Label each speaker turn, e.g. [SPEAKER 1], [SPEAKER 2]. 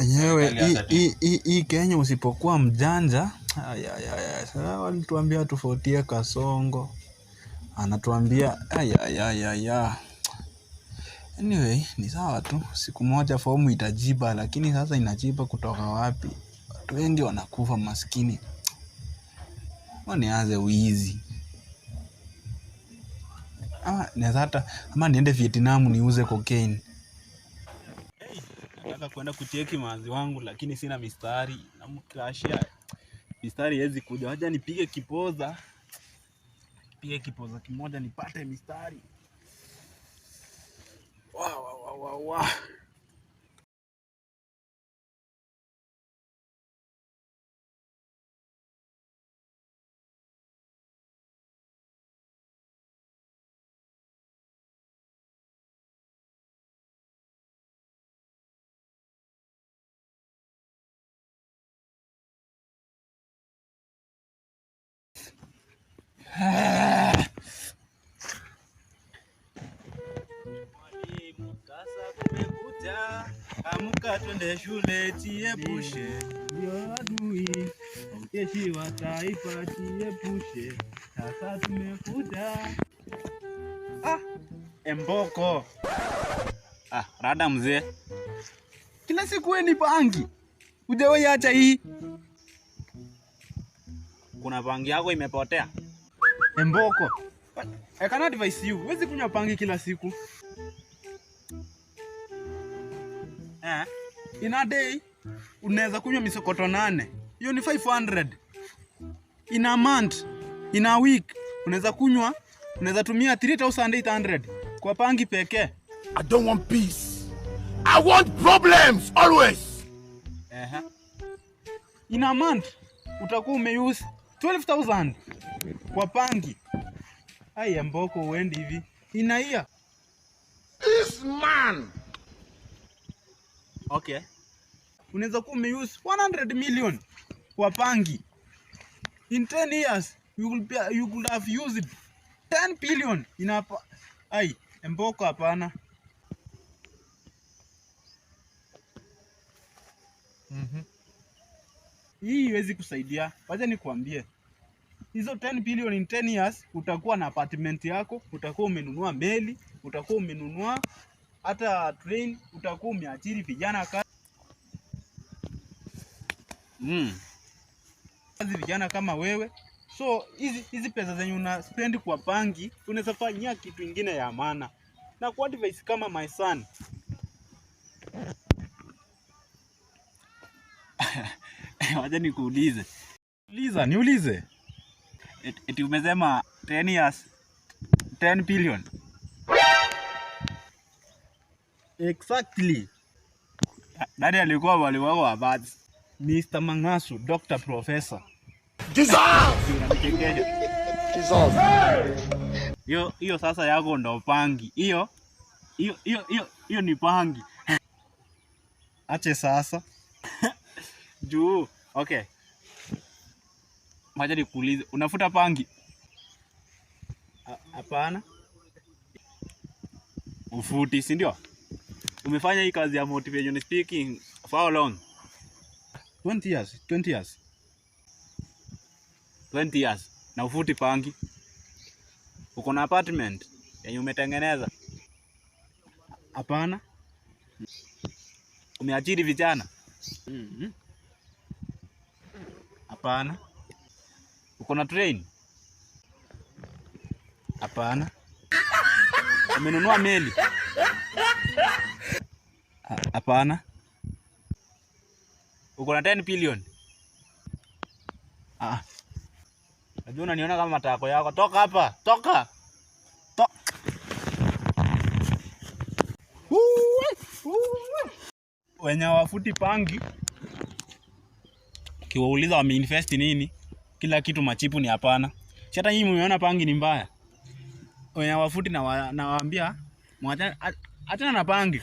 [SPEAKER 1] enyewe hii Kenya usipokuwa mjanja walituambia tofautie Kasongo anatuambia ayayayaya. Anyway, ni sawa tu, siku moja fomu itajiba, lakini sasa inajiba kutoka wapi? Watu wengi wanakufa maskini. Nianze wizi ama ama niende Vietnam niuze cocaine
[SPEAKER 2] nataka kwenda kucheki manzi wangu, lakini sina mistari, namkrashia mistari haiwezi kuja. waja nipige kipoza, pige kipoza kimoja nipate mistari. wa, wa, wa, wa. Amka twende shule, tiepushe ndio adui, wa taifa tiepushe, sasa Ah, Emboko ah, rada mzee, kila siku weni bangi, ujawahi acha hii. Kuna bangi yako imepotea. Emboko. I can advise you. Wezi kunywa pangi kila siku. Eh? In a day, unaweza kunywa misokoto nane. Hiyo ni 500. In a month, in a week, unaweza kunywa, unaweza tumia 3800 kwa pangi pekee.
[SPEAKER 3] I don't want peace. I want problems always.
[SPEAKER 2] Eh. In a month, utakuwa umeuse 12000 kwa pangi. Ai, Amboko uendi hivi inaia.
[SPEAKER 3] This man.
[SPEAKER 2] Okay, unaweza kuwa umeuse 100 million kwa pangi in 10 years you will be, you could have used 10 billion in a ai Amboko hapana. Mhm, mm hii Iwezi kusaidia, wacha nikwambie hizo 10 billion in 10 years utakuwa na apartment yako, utakuwa umenunua meli, utakuwa umenunua hata train, utakuwa umeajiri vijana kazi mm. kazi vijana kama wewe. So hizi hizi pesa zenye una spend kwa bangi unaweza fanyia kitu ingine ya maana, na kwa advice kama my son wacha nikuulize, uliza niulize eti umesema 10 years 10 billion exactly. Nani alikuwa wali wako wa bad? Mr. Mangasu, Dr. Professor. Hiyo hiyo sasa yako ndo pangi. Hiyo hiyo hiyo hiyo ni pangi. Ache sasa. Juu, okay. Maja nikuulize, unafuta pangi? Hapana. Ufuti, si ndio? Umefanya hii kazi ya motivation speaking for how long? 20 years, 20 years. 20 years. Na ufuti pangi? Uko na apartment yenye umetengeneza? Hapana. Umeajiri vijana? Mhm. Hapana kuna train? Hapana. Umenunua meli? Hapana. Uko na 10 billion? Ah. Najua unaniona kama matako yako. Toka hapa. Toka. Toka. Wenye wafuti pangi. Kiwauliza wameinvest nini? kila kitu machipu ni hapana. Si hata nyinyi mmeona pangi ni mbaya. Wenye wafuti na nawaambia achana na pangi.